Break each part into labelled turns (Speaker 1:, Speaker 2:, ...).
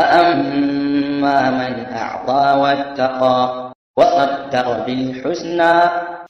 Speaker 1: فأما من أعطى واتقى وصدق بالحسنى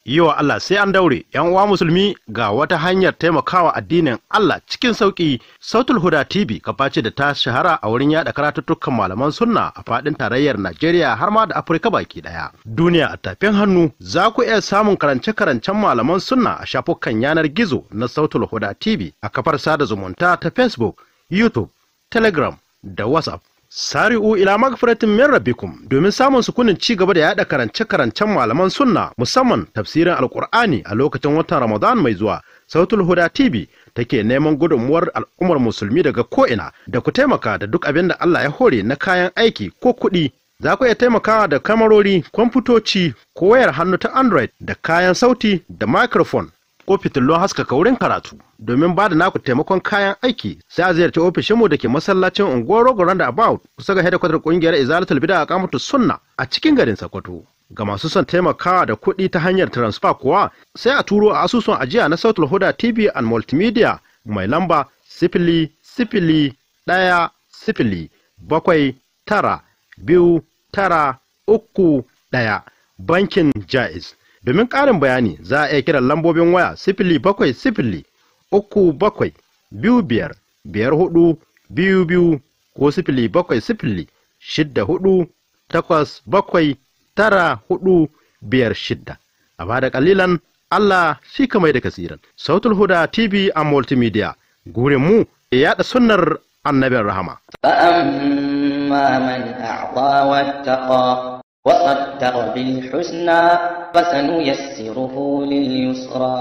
Speaker 1: يو الله Allah sai an daure yan uwa musulmi ga wata hanyar taimakawa addinin Allah cikin sauki sautul huda tv kaface da ta shahara a wurin yada karatuttukan malaman sunna a fadin tarayyar Najeriya har ma da Afirka baki daya duniya a tafin hannu za ku iya samun karance karancen malaman sunna a shafukan yanar gizo na sautul huda tv a kafar sada zumunta ta Facebook YouTube Telegram da WhatsApp Sari'u ila magfiratin min rabbikum domin samun sukunin ci gaba da yada karance-karancen malaman sunna musamman tafsirin alkur'ani a lokacin watan Ramadan mai zuwa Sautul Huda TV take neman gudunmuwar al'ummar musulmi daga ko'ina da ku taimaka da duk abin da Allah ya hore na kayan aiki ko kuɗi za ku iya taimakawa da kamarori, kwamfutoci, ko wayar hannu ta Android da kayan sauti da microphone ko fitillon haskaka wurin karatu domin ba da naku taimakon kayan aiki sai a ziyarci ofishinmu da ke masallacin unguwar rogo da about kusa ga hedikwatar kungiyar izalatul bida a kamatu sunna a cikin garin sokoto ga masu son taimakawa da kuɗi ta hanyar transfer kuwa sai a turo a asusun ajiya na sautul huda tv and multimedia mai lamba sifili sifili ɗaya sifili bakwai tara biyu tara uku ɗaya bankin jaiz Domin ƙarin bayani za a iya kiran lambobin waya sifili bakwai sifili uku bakwai biyu biyar biyar hudu biyu biyu ko sifili bakwai sifili shidda hudu takwas bakwai tara hudu biyar shidda. A bada kalilan Allah shi mai da kasiran. Sautul Huda TV a Multimedia. Gurin mu ya yaɗa sunnar annabin rahama.
Speaker 2: فأما من أعطى واتقى وصدق بالحسنى فسنيسره لليسرى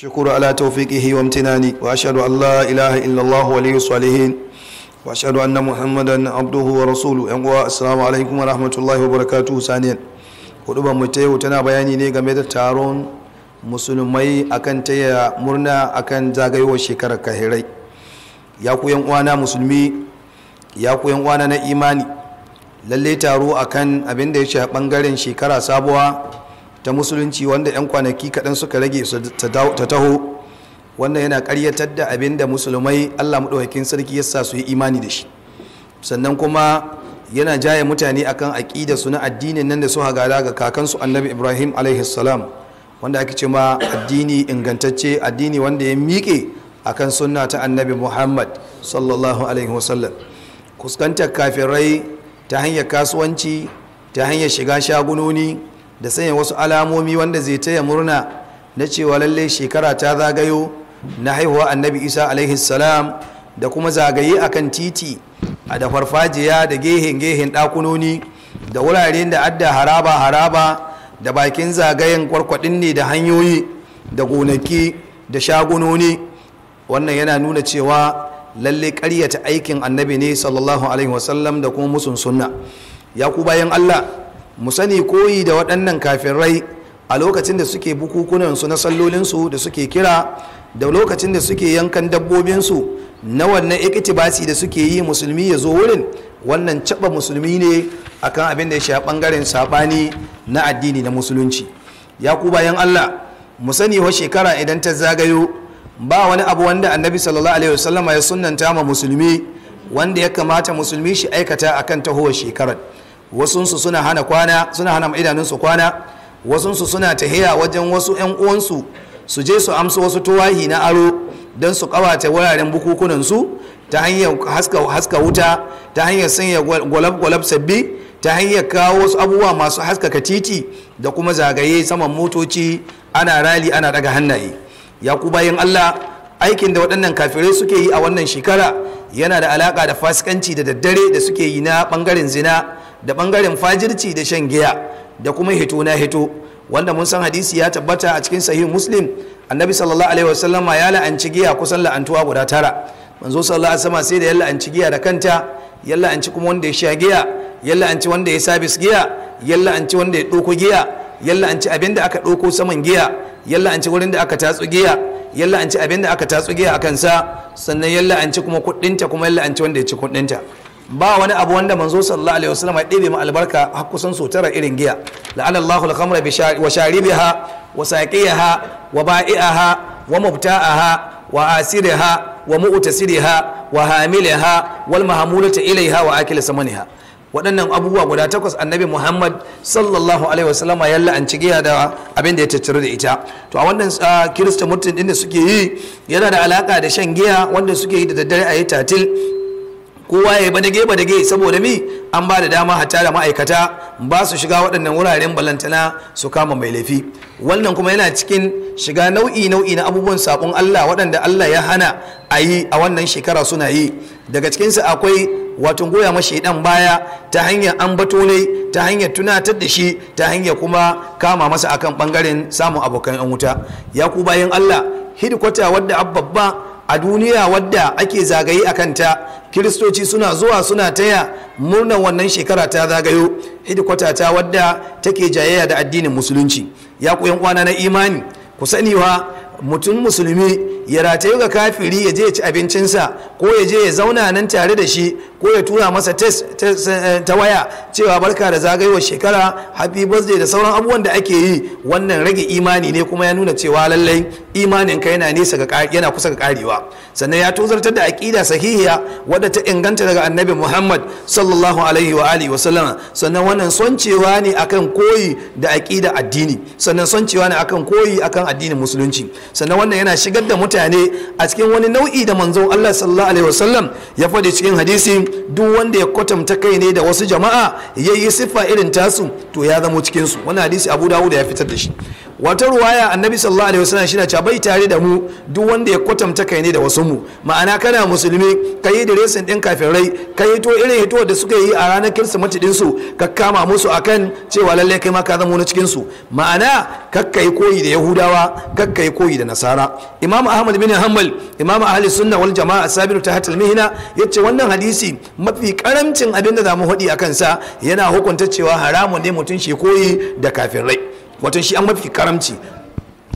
Speaker 2: شكر على توفيقه وامتناني وأشهد أن لا إله إلا الله ولي الصالحين وأشهد أن محمدا عبده ورسوله أنقوى السلام عليكم ورحمة الله وبركاته ثانيا hudubar mu ta yau tana bayani ne game da taron musulmai akan taya murna akan zagayowar shekarar kahirai ya ku yan uwana musulmi ya ku yan uwana na imani Lallai taro akan abin da ya shafi bangaren shekara sabuwa ta musulunci wanda 'yan kwanaki kaɗan suka rage su ta taho wannan yana karyatar da abin da musulmai allah maɗaukakin sarki ya sa su yi imani da shi sannan kuma yana jaya mutane akan aƙida su na addinin nan da su hagara ga kakansu annabi ibrahim alaihissalam wanda ake ce ma addini ingantacce addini wanda ya miƙe akan sunna ta annabi muhammad sallallahu alaihi wasallam kuskantar kafirai ta hanyar kasuwanci ta hanyar shiga shagunoni da sanya wasu alamomi wanda zai taya murna na cewa lalle shekara ta zagayo na haihuwa annabi isa alaihi salam da kuma zagaye akan titi a da farfajiya da gehen gehen ɗakunoni da wuraren da adda haraba haraba da bakin zagayen kwarkwadin ne da hanyoyi da gonaki da shagunoni wannan yana nuna cewa lalle ƙaryata aikin annabi ne sallallahu alaihi wasallam da kuma musun sunna ya ku bayan allah mu sani koyi da waɗannan kafirai a lokacin da suke bukukunansu na sallolinsu da suke kira da lokacin da suke yankan dabbobinsu na wannan ikitibasi da suke yi musulmi ya zo wurin wannan caɓa musulmi ne akan abin da ya sha ɓangaren saɓani na addini na musulunci ya ku bayan allah mu sani wa shekara idan ta zagayo ba wani abu wanda annabi sallallahu alaihi wasallam ya sunanta ma musulmi wanda ya kamata musulmi shi aikata a akan tahowar shekarar wasunsu suna hana kwana suna hana idanun su kwana wasunsu suna tahiya wajen wasu 'yan uwansu su je su amsa wasu tuwahi na aro don su kawata wuraren bukukunansu ta hanyar haska wuta ta hanyar sanya gwalab-gwalab sabbi ta hanyar kawo wasu abubuwa masu haskaka titi da kuma zagaye saman motoci ana rali ana daga hannaye ya ku bayan Allah aikin da waɗannan kafirai suke yi a wannan shekara yana da alaƙa da fasikanci da daddare da suke yi na ɓangaren zina da ɓangaren fajirci da shan giya da kuma hito na hito wanda mun san hadisi ya tabbata a cikin sahih muslim annabi sallallahu alaihi wasallama ya la'anci giya kusan la'antuwa guda tara manzo sallallahu alaihi wasallama sai da ya la'anci giya da kanta ya la'anci kuma wanda ya sha giya ya la'anci wanda ya sabis giya ya la'anci wanda ya ɗoko giya yalla an ci abin da aka ɗauko saman giya yalla an ci wurin da aka tatsu giya yalla an ci abin da aka tatsu giya a kansa sannan yalla an ci kuma kuɗinta kuma yalla an ci wanda ya ci kuɗinta ba wani abu wanda manzo sallallahu alaihi wasallam ya ɗebe mu albarka har kusan so tara irin giya la'ana Allahu al-khamra wa sharibiha wa saqiyaha wa ba'i'aha wa mubta'aha wa asiriha wa mu'tasiriha wa hamilaha wal mahmulata ilaiha wa akil samaniha waɗannan abubuwa guda takwas annabi muhammad sallallahu alaihi wasallama ya la'anci giya da abin da ya tattaru da ita to a wannan kirista mutum din da suke yi yana da alaka da shan giya wanda suke yi da daddare a yi tatil kowa ya yi badage badage saboda mi an ba da dama hatta da ma'aikata ba su shiga waɗannan wuraren balantana su kama mai laifi wannan kuma yana cikin shiga nau'i nau'i na abubuwan saƙon allah waɗanda allah ya hana a yi a wannan shekara suna yi daga cikinsu akwai wato goya mashi dan baya ta hanyar ambato ne ta hanyar tunatar da shi ta hanyar kuma kama masa akan bangaren samun abokan yan wuta ya ku bayan allah hidikwata wadda babba a duniya wadda ake zagaye a kanta kiristoci suna zuwa suna taya murnar wannan shekara ta zagayo hidikwata ta wadda take jayayya da addinin musulunci ya ku yan kwana na imani ku sani mutum musulmi ya rataye ga kafiri ya je ya ci abincinsa ko ya je ya zauna nan tare da shi ko ya tura masa eh, ta waya cewa barka da zagayowar shekara happy birthday da sauran abubuwan da ake yi wannan rage imani ne kuma ya nuna cewa lallai imanin ka yana nesa yana kusa ga karewa sannan ya tozartar da aqida sahihiya wadda ta inganta daga annabi Muhammad sallallahu alaihi wa alihi wa sannan wannan soncewa ne akan koyi da aqida addini sannan soncewa ne akan koyi akan addinin musulunci sannan wannan yana shigar da mutane a cikin wani nau'i da manzon Allah sallallahu alaihi wasallam ya faɗi cikin hadisi duk wanda ya kwatanta kai ne da wasu jama'a yayi siffa irin tasu to ya zama cikin su wannan hadisi Abu Dawud ya fitar da shi wata ruwaya annabi sallallahu alaihi wasallam shine cewa bai tare da mu duk wanda ya kwatanta kai ne da wasu mu ma'ana kana musulmi ka yi resin din kafirai ka to irin hito da suka yi a ranar kirsimeti din su ka kama musu akan cewa lalle kai ma ka zama wani cikin su ma'ana kakka yi koyi da yahudawa kakka yi koyi da nasara imam ahmad bin hanbal imam ahli sunna wal jama'a sabiru ta hatal mihna yace wannan hadisi mafi karamcin abinda da zamu hadi akan sa yana hukunta cewa haramun ne mutum shi koyi da kafirai wato shi an mafi karamci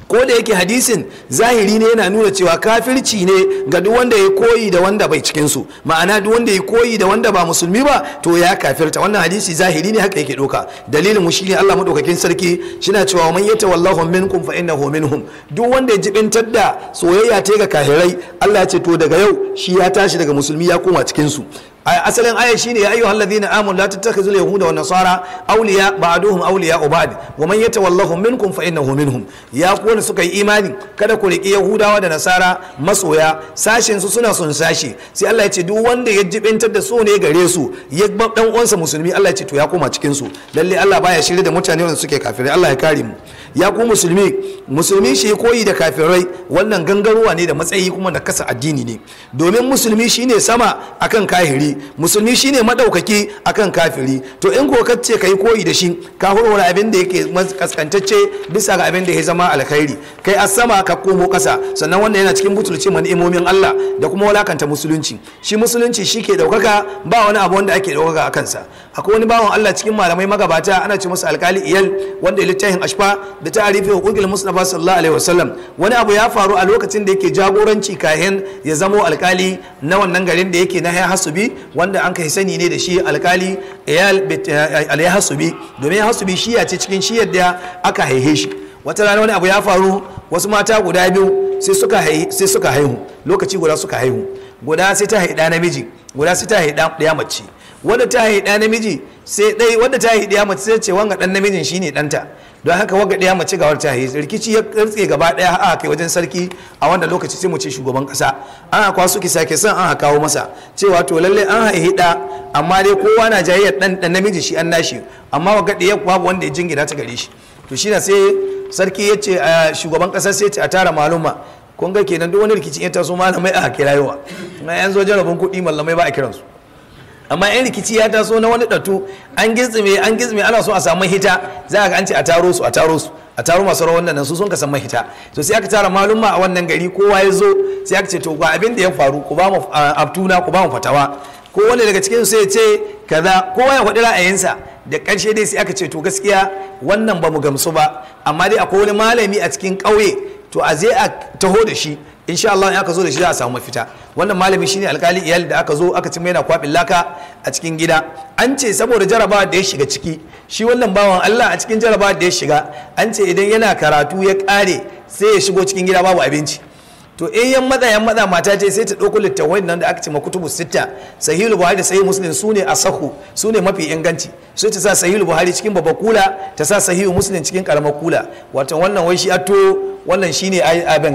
Speaker 2: ko da yake hadisin zahiri ne yana nuna cewa kafirci ne ga duk wanda ya koyi da wanda bai cikin su ma'ana duk wanda ya koyi da wanda ba musulmi ba to ya kafirta wannan hadisi zahiri ne haka yake doka dalilin mu ne Allah madaukakin sarki shina cewa man wallahu minkum fa innahu minhum duk wanda ya jibintar da soyayya ta ga kahirai Allah ya ce to daga yau shi ya tashi daga musulmi ya koma cikin su A asalin aya shine ya ayyuhal ta amanu la ya yahuda wan nasara awliya ba'duhum awliya ba'd wa man yatawallahum minkum fa innahu minhum ya kuwa suka yi imani kada ku riki yahudawa da nasara masoya sashen su suna son sashi sai Allah ya ce duk wanda ya jibintar da su ne gare su ya dan uwansa musulmi Allah ya ce to ya koma cikin su lalle Allah baya shirye da mutane wanda suke kafirai Allah ya kare mu ya ku musulmi musulmi shi koyi da kafirai wannan gangarowa ne da matsayi kuma da kasa addini ne domin musulmi shine sama akan kahiri musulmi shine madaukaki akan kafiri to in ko kace kai koyi da shi ka horora abin da yake kaskantacce bisa ga abin da ya zama alkhairi kai a sama ka komo kasa sannan wannan yana cikin butulci man imomin Allah da kuma walakanta musulunci shi musulunci shi ke daukaka ba wani abu wanda ake daukaka a kansa akwai wani bawan Allah cikin malamai magabata ana ce masa alkali iyal wanda littafin ashfa da ta'arifi hukukul mustafa sallallahu alaihi wasallam wani abu ya faru a lokacin da yake jagoranci kahin ya zamo alkali na wannan garin da yake na hasubi wanda an kai sani ne da shi alkali alyahasubi eh, domin hasubi ya ce cikin shi da aka haihe shi wata rana wani abu ya faru wasu mata guda biyu sai suka haihu lokaci guda suka haihu guda sai ta haida namiji guda sai ta haida ɗaya mace wadda ta yi ɗa namiji sai ɗai wadda ta haihi ɗiya mace sai ce wanga ɗan namijin shine ɗanta don haka wanga ɗiya mace ga wadda ta rikici ya kartse gaba ɗaya a kai wajen sarki a wanda lokaci sai mu ce shugaban kasa an haka su kisa ke son an kawo masa cewa to lalle an haihi ɗa amma dai kowa na jayayyar ɗan ɗan namiji shi an nashi amma wanga ɗiya babu wanda ya jingina ta gare shi to shi na sai sarki ya ce ah, shugaban ƙasa sai ce a tara maluma kun ga kenan duk wani rikicin ya taso malamai a rayuwa na yanzu wajen rabin kuɗi malamai ba a kiransu amma yan rikici ya taso na wani datu an gizme an gizme ana so a samu hita za ga an a taro su a taro su a taro masu rawar nan su sun ka samu hita to sai aka tara malumma a wannan gari kowa ya zo sai aka ce to ga abin da ya faru ku ba mu abtuna ku ba mu fatawa ko wanda daga cikin su ya ce kaza kowa ya faɗi ra'ayinsa da ƙarshe dai sai aka ce to gaskiya wannan ba mu gamsu ba amma dai akwai wani malami a cikin ƙauye to a zai a taho da shi insha Allah in aka zo da shi za a samu mafita wannan malami shine alkali iyali da aka zo aka ci yana kwabin laka a cikin gida an ce saboda jaraba da ya shiga ciki shi wannan bawan Allah a cikin jaraba da ya shiga an ce idan yana karatu ya kare sai ya shigo cikin gida babu abinci to eh yan maza yan maza mata ce sai ta ɗauko littafai nan da aka ce ma kutubu sitta sahihul buhari da sahih muslim su ne asahu su ne mafi inganci sai ta sa sahihul buhari cikin babbar kula ta sa sahihul muslim cikin karamar kula wato wannan wai shi ato wannan shine a don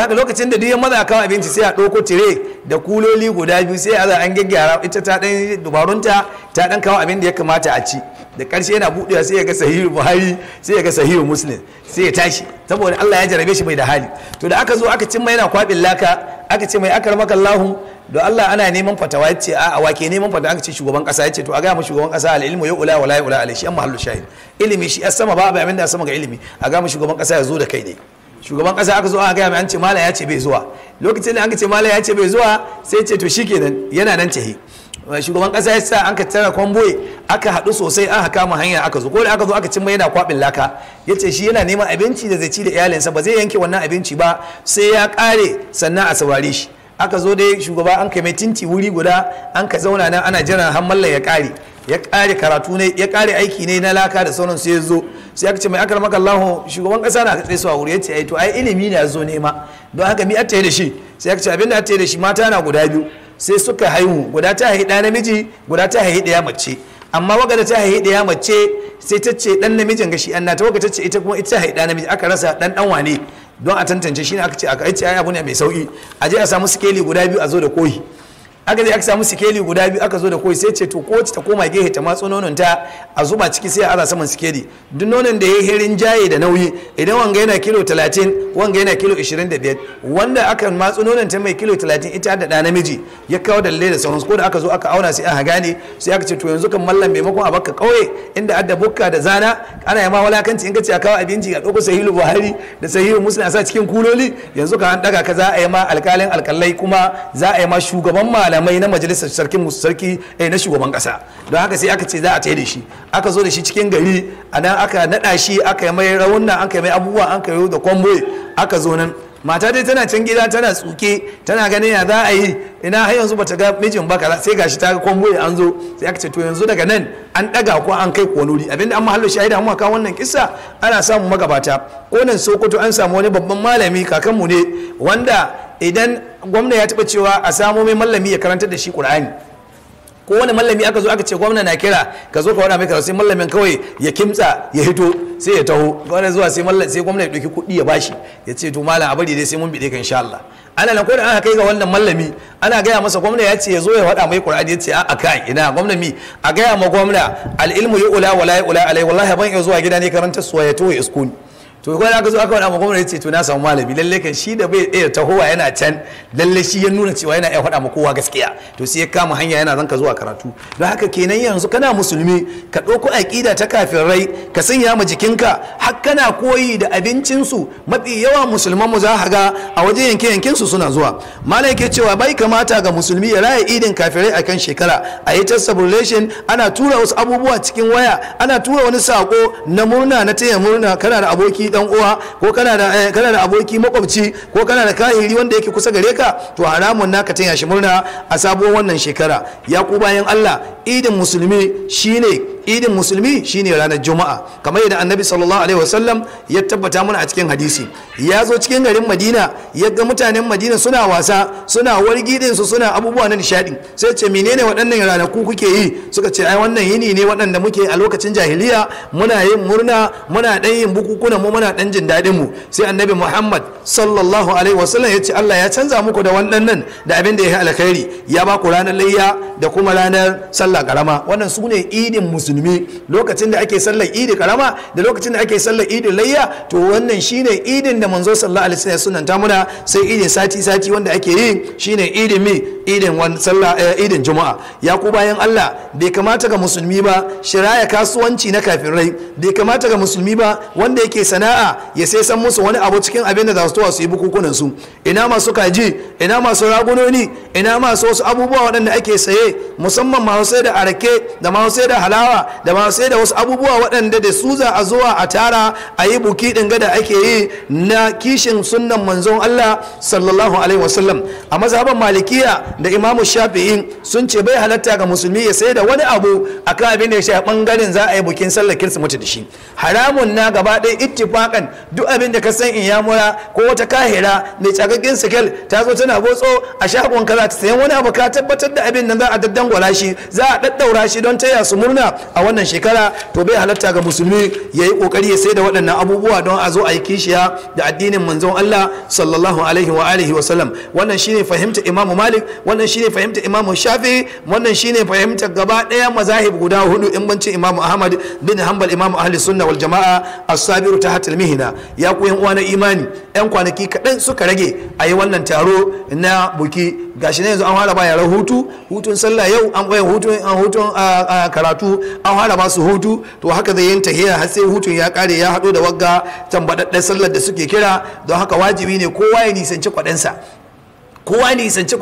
Speaker 2: haka lokacin da duk yan maza kawo abinci sai a ɗauko tire da kuloli guda biyu sai a za an gyaggyara ita ta ɗan dubarunta ta ɗan kawo abin da ya kamata a ci da karshe yana buɗewa sai ya ga sahihu buhari sai ya ga sahihu muslim sai ya tashi saboda allah ya jarabe shi mai da hali to da aka zo aka cimma yana kwaɓin laka aka ce mai akarmaka allahu da allah ana neman fatawa ya ce a wake neman fatawa aka ce shugaban kasa ya ce to a gaya mu shugaban kasa al ilmu ya ula wala ya ula alai shi amma halu shahid ilimi shi as sama ba bai abin da sama ga ilimi a ga mu shugaban kasa ya zo da kai ne shugaban kasa aka zo aka gaya mai an ce mala ya ce bai zuwa lokacin da aka ce mala ya ce bai zuwa sai ce to shikenan yana nan he shugaban kasa ya sa an ka tara kwamboye aka haɗu sosai an haka mu hanya aka zo ko da aka zo aka cimma yana kwabin laka ya ce shi yana neman abinci da zai ci da iyalinsa ba zai yanke wannan abinci ba sai ya kare sannan a saurare shi aka zo dai shugaba an kai mai tinti wuri guda an ka zauna nan ana jiran har mallan ya kare ya ƙare karatu ne ya ƙare aiki ne na laka da sauran sai ya zo sai aka ce mai akar maka Allahu shugaban kasa na tsaye su a wuri ya ce ai to ai ilimi ya zo nema don haka mi atta da shi sai aka ce abin da atta da shi mata na guda biyu sai suka haihu guda ta haihi ɗa namiji guda ta haihi ɗaya mace amma waga da ta haihi ɗaya mace sai ta ce ɗan namijin gashi an ta waga ta ce ita kuma ita haihi ɗa namiji aka rasa ɗan ɗan wane don a tantance shi ne aka ce aka ce ai abu ne mai sauki a je a samu sikeli guda biyu a zo da koyi. aka zai aka samu sikeli guda biyu aka zo da koi sai ce to ko ta koma gehe ta matso nonon ta a zuba ciki sai a aza saman sikeli duk nonon da ya herin jaye da nauyi idan wanga yana kilo 30 wanga yana kilo 25 wanda aka matso nonon ta mai kilo 30 ita da da namiji ya kawo lalle da sauran ko da aka zo aka auna sai a ne sai aka ce to yanzu kan mallam maimakon a baka kauye inda adda bukka da zana ana yama walakanci in ka ce a kawo abinci a ɗauko sahihu buhari da sahihu muslim a sa cikin kuloli yanzu ka an daga ka za a yi ma alkalin alkalai kuma za a yi ma shugaban malam malamai na majalisar sarkin sarki eh na shugaban kasa don haka sai aka ce za a tsaye da shi aka zo da shi cikin gari anan aka naɗa shi aka yi mai raunna aka yi mai abubuwa aka yi da kwamboye aka zo nan mata dai tana can gida tana tsuke tana ganin ya za a yi ina har yanzu bata ga mijin ba kaza sai gashi ta ga kwamboye an zo sai aka ce to yanzu daga nan an daga ko an kai kuwa nuri abinda an mahallo aida amma kan wannan kissa ana samun magabata ko nan sokoto an samu wani babban malami mu ne wanda idan gwamna ya taba cewa a samo mai mallami ya karanta da shi qur'ani ko wani mallami aka zo aka ce gwamna na kira ka zo ka wada mai kaza sai mallamin kawai ya kimtsa ya hito sai ya taho wani zuwa sai mallam sai gwamna ya dauki kuɗi ya bashi ya ce to malam a bari dai sai mun bide ka insha Allah ana nan ko da aka kai ga wannan mallami ana gaya masa gwamna ya ce ya zo ya wada mai Qur'ani ya ce a aka ina gwamna mi a gaya ma gwamna al ilmu yu'la wala yu'la alai wallahi ban iya zuwa gida ne karanta suwa ya to ya iskuni to ko da aka zo aka faɗa ma gwamnati ce to na samu malami lalle kan shi da bai iya tahowa yana can lalle shi ya nuna cewa yana iya faɗa ma kowa gaskiya to sai ya kama hanya yana zanka zuwa karatu don haka kenan yanzu kana musulmi ka ɗauko aƙida ta kafin rai ka sanya ma jikinka har kana koyi da abincinsu mafi yawa musulman mu za ka ga a waje yanke yankin su suna zuwa malam yake cewa bai kamata ga musulmi ya raya idin kafirai akan shekara a yi ta sabulation ana tura wasu abubuwa cikin waya ana tura wani sako na murna na taya murna kana da aboki dan uwa ko kana da eh, kana da aboki makwabci ko kana da kahiri wanda yake kusa gare ka to haramun naka tanya shi murna a sabuwar wannan shekara ya ku bayan Allah idin musulmi shine idin musulmi shine ranar juma'a kamar yadda annabi sallallahu alaihi wasallam ya tabbata mana a cikin hadisi ya zo cikin garin madina ya ga mutanen madina suna wasa suna wargi su suna abubuwa na nishadi sai ce menene waɗannan ranaku kuke yi suka ce ai wannan yini ne waɗanda muke a lokacin jahiliya muna yin murna muna dan yin bukukuna mu muna dan jin dadin mu sai annabi muhammad sallallahu alaihi wasallam ya ce Allah ya canza muku da wannan da abin da ya yi alkhairi ya ba ku ranar layya da kuma ranar sallah karama wannan su ne idin musulmi musulmi lokacin da ake sallar idi karama da lokacin da ake sallar idi layya to wannan shine idin da manzo sallallahu alaihi wasallam sunanta muna sai idin sati sati wanda ake yi shine idin mi idin wan sallah eh, idin juma'a ya ku bayan Allah bai kamata ga musulmi ba shiraya kasuwanci na kafirai bai kamata ga musulmi ba wanda yake sana'a ya sai san musu wani abu cikin abin da za su towa su yi bukukunan su ina masu kaji ina masu ragunoni ina masu wasu abubuwa waɗanda ake saye musamman masu sai da arake da masu sai da halawa da masu sai da wasu abubuwa waɗanda da su za a zuwa a tara a yi buki ɗin da ake yi na kishin sunnan manzon Allah sallallahu alaihi wasallam a mazhaban malikiya da imamu shafi'i sun ce bai halatta ga musulmi ya sai da wani abu a akan abin da ya shafi bangaren za a yi bukin sallar kirsimeti da shi haramun na gaba ɗaya ittifakan duk abin da ka san in yamura ko wata kahira mai cagagin sikel ta zo tana gotso a shagon kaza ta sayan wani abu ka tabbatar da abin nan za a daddangwala shi za a daddaura shi don taya su murna a wannan shekara to bai halatta ga musulmi ya yi kokari ya sai da waɗannan abubuwa don a zo a yi kishiya da addinin manzon Allah sallallahu alaihi wa alihi wa sallam wannan shine fahimta Imam Malik wannan shine fahimta Imam shafi wannan shine fahimta gaba ɗaya mazahib guda hudu in ban ce Imam Ahmad bin Hanbal Imam Ahli Sunna wal Jama'a as-sabiru ta al-mihna ya ku yan uwa imani yan kwanaki kaɗan suka rage a yi wannan taro na buki gashi ne yanzu an fara bayar hutu hutun sallah yau an eh, hutun hutun karatu an hana masu hutu to haka zai yin tahiya har sai hutun ya kare ya hado da wagga tambadadden sallar da suke kira don haka wajibi ne kowa ya nisanci kwaɗansa kowa ya nisanci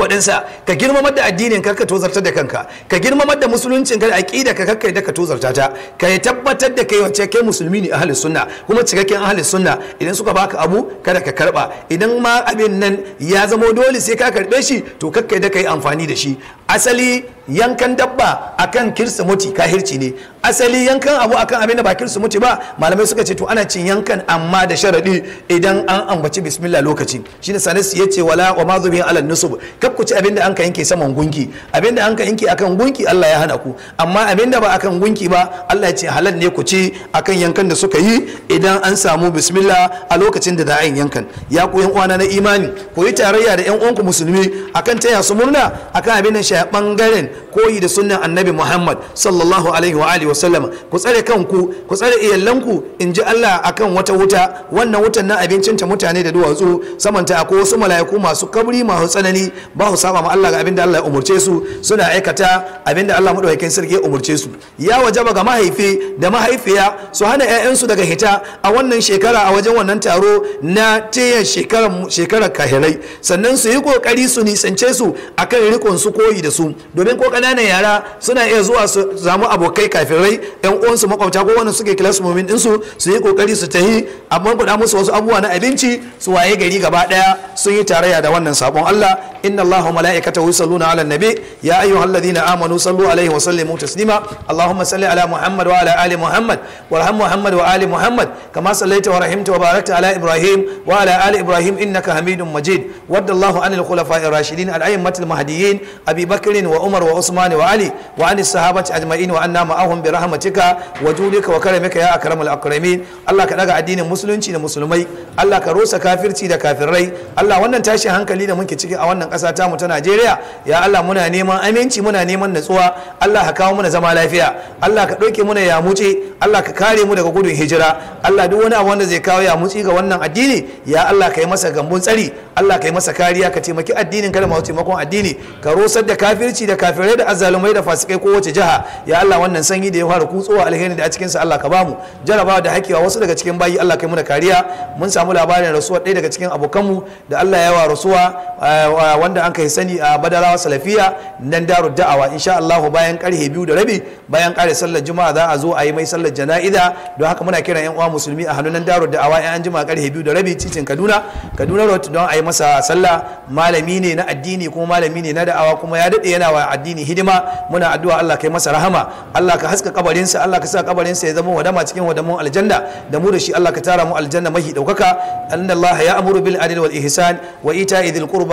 Speaker 2: ka girmama da addinin ka ka tozarta da kanka ka girmamar da musuluncin ka aqida ka kakkai da ka tozarta ta ka ya tabbatar da kai wacce kai musulmi ne ahalin sunna kuma cikakken ahalin sunna idan suka baka abu kada ka karba idan ma abin nan ya zama dole sai ka karbe shi to kakkai da kai amfani da shi asali yankan dabba akan kirsimoti kahirci ne asali yankan abu akan abin da ba kirsimoti ba malamai suka ce to ana cin yankan amma da sharaɗi idan an ambaci bismillah lokaci shine sanis ya ce wala wa ma zubi alal nusub kab ku ci abin da an ka yanke saman gunki abin da an ka yanke akan gunki Allah ya hana ku amma abin da ba akan gunki ba Allah ya ce halal ne ku ci akan yankan da suka yi idan an samu bismillah a lokacin da dain yankan ya ku yan uwana na imani ku yi tarayya da yan uwanku musulmi akan taya su murna akan abin da shi bangaren koyi da sunnan annabi muhammad sallallahu alaihi wa alihi wasallam ku tsare kanku ku tsare iyalanku in ji allah akan wata wuta wannan wutan na ta mutane da duwatsu samanta akwai wasu mala'iku masu kabri masu tsanani ba su saba ma allah ga abin allah ya umurce su suna aikata abinda da allah madaukakin sarki ya umurce su ya wajaba ga mahaifi da mahaifiya su hana ƴaƴansu daga hita a wannan shekara a wajen wannan taro na tiyar shekarar kahirai sannan su yi kokari su nisance su akan rikon su koyi da su domin ko ƙananan yara suna iya zuwa su zamu abokai kafirai yan uwansu makwabta ko suke kilas mumin din su yi kokari su tahi amma kuɗa musu wasu abubuwa na abinci su waye gari gaba daya sun yi tarayya da wannan sabon Allah inna Allahu mala'ikatahu yusalluna 'alan nabi ya ayyuhalladhina amanu sallu 'alaihi wa sallimu taslima Allahumma salli 'ala Muhammad wa 'ala ali Muhammad warham Muhammad wa ali Muhammad kama sallaita wa rahimta wa barakta 'ala Ibrahim wa 'ala ali Ibrahim innaka hamidun Majid wadda Allahu 'anil khulafa'ir rashidin al-a'immatil mahdiyyin Abi Bakr wa Umar wa usman wa ali wa an sahabati ajma'in wa anna ma'ahum bi rahmatika wa julika wa karamika ya akramul akramin Allah ka daga addinin musulunci da musulmai Allah ka rusa kafirci da kafirai Allah wannan tashin hankali da muke ciki a wannan ƙasa ta mu ta Najeriya ya Allah muna neman aminci muna neman natsuwa Allah ka kawo muna zama lafiya Allah ka ɗauke muna yamuce Allah ka kare mu daga gudun hijira Allah duk wani abu wanda zai kawo yamutsi ga wannan addini ya Allah ka yi masa gambun tsari Allah ka yi masa kariya ka taimaki addinin kada masu taimakon addini ka rosar da kafirci da kafir kafirai da azzalumai da fasikai ko wace jiha ya Allah wannan sanyi da ya fara kutsowa alheri da a cikin sa Allah ka bamu jarabawa da hakewa wasu daga cikin bayi Allah kai muna kariya mun samu labarin rasuwa ɗaya daga cikin abokanmu da Allah ya wa rasuwa eh, wanda an kai sani a badarawa salafiya nan daru da'awa insha Allah bayan karhe biyu da rabi bayan kare sallar juma'a za a zo a yi mai sallar jana'iza don haka muna kiran yan uwa musulmi a hannun nan daru da'awa yan juma'a karhe biyu da rabi cikin Kaduna Kaduna Road don a yi masa sallah malami ne na addini kuma malami ne na da'awa kuma ya dade yana wa addini addini hidima muna addu'a Allah kai masa rahama Allah ka haska kabarinsa Allah ka sa kabarinsa ya zama wadama cikin wadamun aljanna da mu da shi Allah ka tara mu aljanna mahi daukaka annallaha ya amuru bil adli wal ihsan wa ita'i dhil qurba